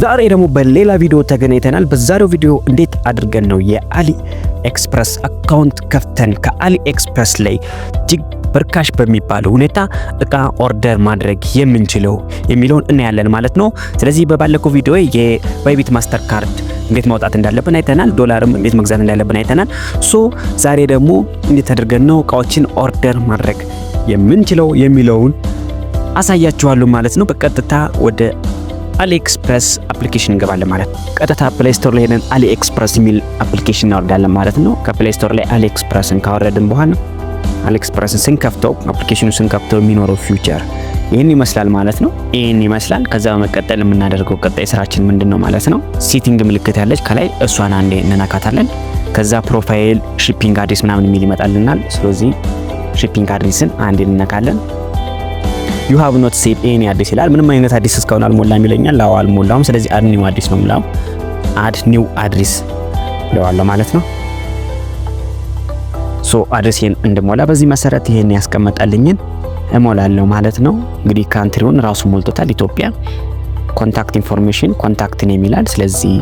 ዛሬ ደግሞ በሌላ ቪዲዮ ተገናኝተናል። በዛሬው ቪዲዮ እንዴት አድርገን ነው የአሊ ኤክስፕረስ አካውንት ከፍተን ከአሊ ኤክስፕረስ ላይ እጅግ በርካሽ በሚባል ሁኔታ እቃ ኦርደር ማድረግ የምንችለው የሚለውን እናያለን ማለት ነው። ስለዚህ በባለፈው ቪዲዮ የባይቢት ማስተር ካርድ እንዴት ማውጣት እንዳለብን አይተናል። ዶላርም እንዴት መግዛት እንዳለብን አይተናል። ሶ ዛሬ ደግሞ እንዴት አድርገን ነው እቃዎችን ኦርደር ማድረግ የምንችለው የሚለውን አሳያችኋለሁ ማለት ነው። በቀጥታ ወደ አሊኤክስፕረስ አፕሊኬሽን እንገባለን ማለት ነው። ቀጥታ ፕሌይ ስቶር ላይ ሄደን አሊኤክስፕረስ የሚል አፕሊኬሽን እናወርዳለን ማለት ነው። ከፕሌይ ስቶር ላይ አሊኤክስፕረስን ካወረድን በኋላ አሊኤክስፕረስን ስንከፍተው አፕሊኬሽኑ ስንከፍተው የሚኖረው ፊውቸር ይህን ይመስላል ማለት ነው። ይህን ይመስላል። ከዛ በመቀጠል የምናደርገው ቀጣይ ስራችን ምንድን ነው ማለት ነው። ሲቲንግ ምልክት ያለች ከላይ እሷን አንዴ እንነካታለን። ከዛ ፕሮፋይል፣ ሺፒንግ አድሬስ ምናምን የሚል ይመጣልናል። ስለዚህ ሺፒንግ አድሬስን አንዴ እንነካለን። ዩ ሃቭ ኖት ሴድ ኤኒ አዲስ ይላል። ምንም አይነት አዲስ እስካሁን አልሞላም ይለኛል። ላው አልሞላም። ስለዚህ አድ ኒው አዲስ ነው የምላው። አድ ኒው አድሬስ ብለዋለሁ ማለት ነው። ሶ አድሬሴን እንድሞላ በዚህ መሰረት ይሄን ያስቀመጠልኝን እሞላለሁ ማለት ነው። እንግዲህ ካንትሪውን ራሱ ሞልቶታል። ኢትዮጵያ ኮንታክት ኢንፎርሜሽን ኮንታክት ኔም ይላል። ስለዚህ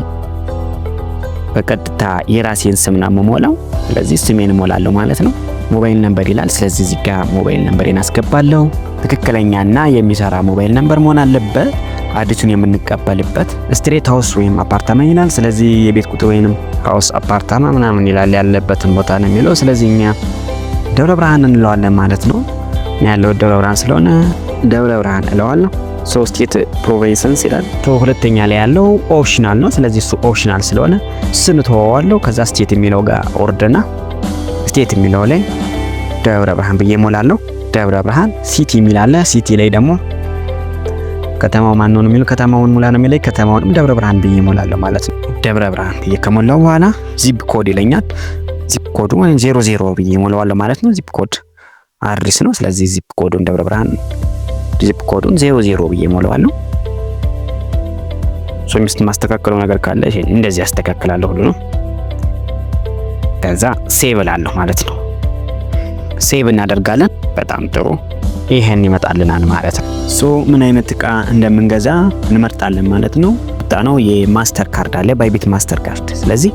በቀጥታ የራሴን ስም ነው የምሞላው። ስለዚህ ስሜን እሞላለሁ ማለት ነው። ሞባይል ነምበር ይላል። ስለዚህ እዚህ ጋር ሞባይል ነምበሬን አስገባለሁ። ትክክለኛና የሚሰራ ሞባይል ነምበር መሆን አለበት። አዲሱን የምንቀበልበት ስትሬት ሀውስ ወይም አፓርታማ ይላል። ስለዚህ የቤት ቁጥር ወይም ሀውስ አፓርታማ ምናምን ይላል ያለበትን ቦታ ነው የሚለው። ስለዚህ እኛ ደብረ ብርሃን እንለዋለን ማለት ነው። ያለው ደብረ ብርሃን ስለሆነ ደብረ ብርሃን እለዋለሁ። ሶስቴት ፕሮቬንሰንስ ይላል። ሁለተኛ ላይ ያለው ኦፕሽናል ነው። ስለዚህ እሱ ኦፕሽናል ስለሆነ እሱን እተወዋለሁ። ከዛ ስቴት የሚለው ጋር ኦርደና ስቴት የሚለው ላይ ደብረ ብርሃን ብዬ እሞላለሁ። ደብረ ብርሃን ሲቲ የሚል አለ። ሲቲ ላይ ደግሞ ከተማው ማን ነው የሚለው ከተማውን ሙላ ነው የሚለኝ። ከተማውንም ደብረ ብርሃን ብዬ እሞላለሁ ማለት ነው። ደብረ ብርሃን ብዬ ከሞላው በኋላ ዚፕ ኮድ ይለኛል። ዚፕ ኮዱ ወይም ዜሮ ዜሮ ብዬ እሞላዋለሁ ማለት ነው። ዚፕ ኮድ አዲስ ነው። ስለዚህ ዚፕ ኮዱን ደብረ ብርሃን ዚፕ ኮዱን ዜሮ ዜሮ ብዬ እሞላዋለሁ። ሶ ሚስት ማስተካከለው ነገር ካለ ይሄን እንደዚህ ያስተካክላለሁ ሁሉ ነው። ከዛ ሴቭ እላለሁ ማለት ነው። ሴቭ እናደርጋለን። በጣም ጥሩ ይሄን ይመጣልናል ማለት ነው። ሶ ምን አይነት እቃ እንደምንገዛ እንመርጣለን ማለት ነው። ጣ ነው የማስተር ካርድ አለ ባይቤት ማስተር ካርድ። ስለዚህ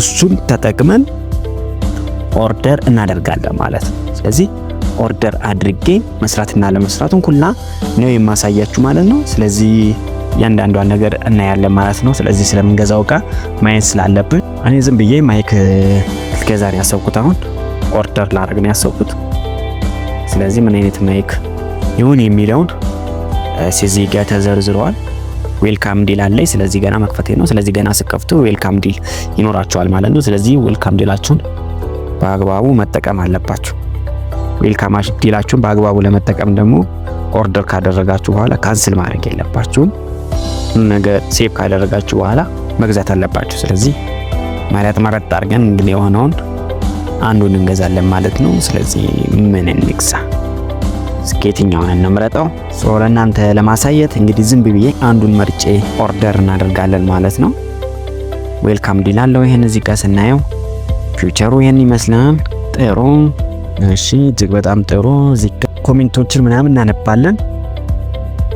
እሱን ተጠቅመን ኦርደር እናደርጋለን ማለት ነው። ስለዚህ ኦርደር አድርጌ መስራትና ለመስራቱን ኩላ ነው የማሳያችሁ ማለት ነው። ስለዚህ እያንዳንዷን ነገር እናያለን ማለት ነው። ስለዚህ ስለምንገዛው እቃ ማየት ስላለብን እኔ ዝም ብዬ ማይክ ልገዛ ያሰብኩት። አሁን ኦርደር ላደርግ ነው ያሰብኩት። ስለዚህ ምን አይነት ማይክ ይሁን የሚለውን እዚህ ጋር ተዘርዝሯል። ዌልካም ዲል አለ። ስለዚህ ገና መክፈቴ ነው። ስለዚህ ገና ስከፍቱ ዌልካም ዲል ይኖራቸዋል ማለት ነው። ስለዚህ ዌልካም ዲላችሁን በአግባቡ መጠቀም አለባችሁ። ዌልካም ዲላችሁን በአግባቡ ለመጠቀም ደግሞ ኦርደር ካደረጋችሁ በኋላ ካንስል ማድረግ የለባችሁም። ነገር ሴቭ ካደረጋችሁ በኋላ መግዛት አለባችሁ። ስለዚህ መረጥ መረጥ አድርገን እንግዲህ የሆነውን አንዱን እንገዛለን ማለት ነው። ስለዚህ ምን እንግዛ? ስኬትኛውን እንምረጠው። ሶ ለእናንተ ለማሳየት እንግዲህ ዝም ብዬ አንዱን መርጬ ኦርደር እናደርጋለን ማለት ነው። ዌልካም ዲላለው ይሄን እዚህ ጋር ስናየው ፊውቸሩ ይሄን ይመስላል። ጥሩ እሺ፣ እጅግ በጣም ጥሩ። እዚህ ኮሜንቶችን ምናምን እናነባለን።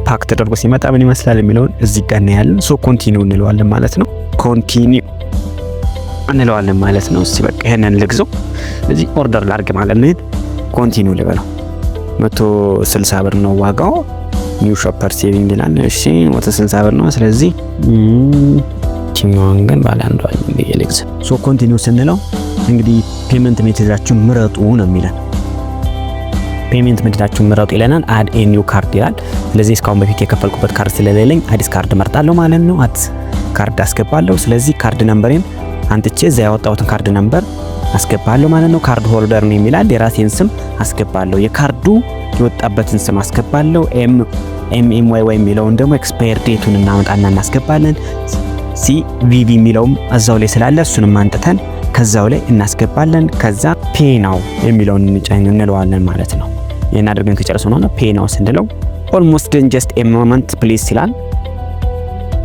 ፓክ ተደርጎ ሲመጣ ምን ይመስላል የሚለውን እዚህ ጋር እናያለን። ሶ ኮንቲኒው እንለዋለን ማለት ነው። ኮንቲኒው እንለዋለን ማለት ነው። እስቲ በቃ ይሄንን ልግዘው እዚህ ኦርደር ላድርግ ማለት ነው። ኮንቲኒው ልበለው። 160 ብር ነው ዋጋው። ኒው ሾፐር ሴቪንግ ይላል። እሺ 160 ብር ነው። ስለዚህ ችኛዋን ግን ባለ አንዷ ልግዛ። ሶ ኮንቲኒው ስንለው እንግዲህ ፔመንት ሜቴዳችሁን ምረጡ ነው የሚለን። ፔመንት ሜቴዳችሁን ምረጡ ይለናል። አድ ኤ ኒው ካርድ ይላል። ስለዚህ እስካሁን በፊት የከፈልኩበት ካርድ ስለሌለኝ አዲስ ካርድ መርጣለሁ ማለት ነው። አዲስ ካርድ አስገባለሁ። ስለዚህ ካርድ ነምበሬን አንጥቼ እዛ ያወጣሁትን ካርድ ነምበር አስገባለሁ ማለት ነው። ካርድ ሆልደር ነው የሚላል። የራሴን ስም አስገባለሁ። የካርዱ የወጣበትን ስም አስገባለሁ። ኤም ኤም ኤም ዋይ ዋይ የሚለውን ደግሞ ኤክስፓየር ዴቱን እናመጣና እናስገባለን። ሲ ቪቪ የሚለውም እዛው ላይ ስላለ እሱንም አንጥተን ከዛው ላይ እናስገባለን። ከዛ ፔ ናው የሚለውን እንለዋለን ማለት ነው። ይህን አድርገን ከጨረሰ ነው ፔ ናው ስንለው ኦልሞስት ደን ጀስት ኤ ሞመንት ፕሊዝ ይላል።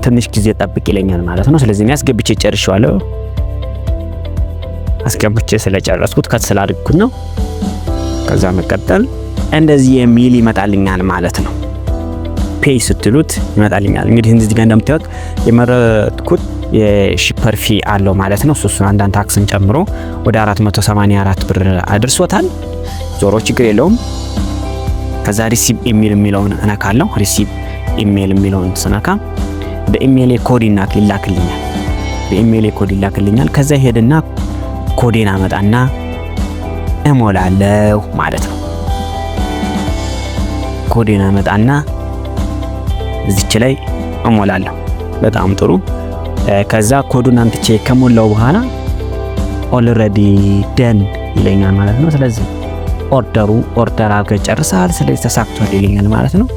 ትንሽ ጊዜ ጠብቅ ይለኛል ማለት ነው። ስለዚህ እኔ አስገብቼ ጨርሼዋለሁ። አስገብቼ ስለጨረስኩት ከት ስላድግኩት ነው። ከዛ መቀጠል እንደዚህ የሚል ይመጣልኛል ማለት ነው። ፔይ ስትሉት ይመጣልኛል። እንግዲህ እዚህ ጋር እንደምታዩት የመረጥኩት የሺፐር ፊ አለው ማለት ነው። እሱን አንዳንድ ታክስን ጨምሮ ወደ 484 ብር አድርሶታል። ዞሮ ችግር የለውም። ከዛ ሪሲቭ ኢሜል የሚለውን እነካለሁ። ሪሲቭ ኢሜል የሚለውን ስነካ በኢሜል ኮድ ይላክልኛል። በኢሜል ኮድ ይላክልኛል። ከዛ ሄድና ኮዴን አመጣና እሞላለሁ ማለት ነው። ኮዴን አመጣና እዚች ላይ እሞላለሁ። በጣም ጥሩ። ከዛ ኮዱን አምጥቼ ከሞላው በኋላ ኦልሬዲ ደን ይለኛል ማለት ነው። ስለዚህ ኦርደሩ ኦርደር አድርገህ ጨርሰሃል፣ ስለዚህ ተሳክቷል ይለኛል ማለት ነው።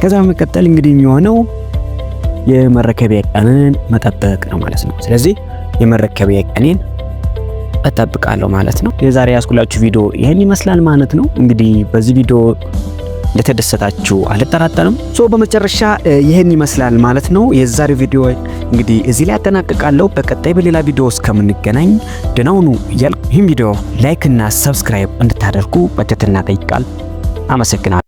ከዛ በመቀጠል እንግዲህ የሚሆነው የመረከቢያ ቀንን መጠበቅ ነው ማለት ነው። ስለዚህ የመረከቢያ ቀኔን እጠብቃለሁ ማለት ነው። የዛሬ ያስኩላችሁ ቪዲዮ ይህን ይመስላል ማለት ነው። እንግዲህ በዚህ ቪዲዮ እንደተደሰታችሁ አልጠራጠርም። ሶ በመጨረሻ ይህን ይመስላል ማለት ነው። የዛሬው ቪዲዮ እንግዲህ እዚህ ላይ አጠናቅቃለሁ። በቀጣይ በሌላ ቪዲዮ እስከምንገናኝ ደህና ሁኑ እያልኩ ይህን ቪዲዮ ላይክ እና ሰብስክራይብ እንድታደርጉ በትህትና እጠይቃለሁ። አመሰግናለሁ።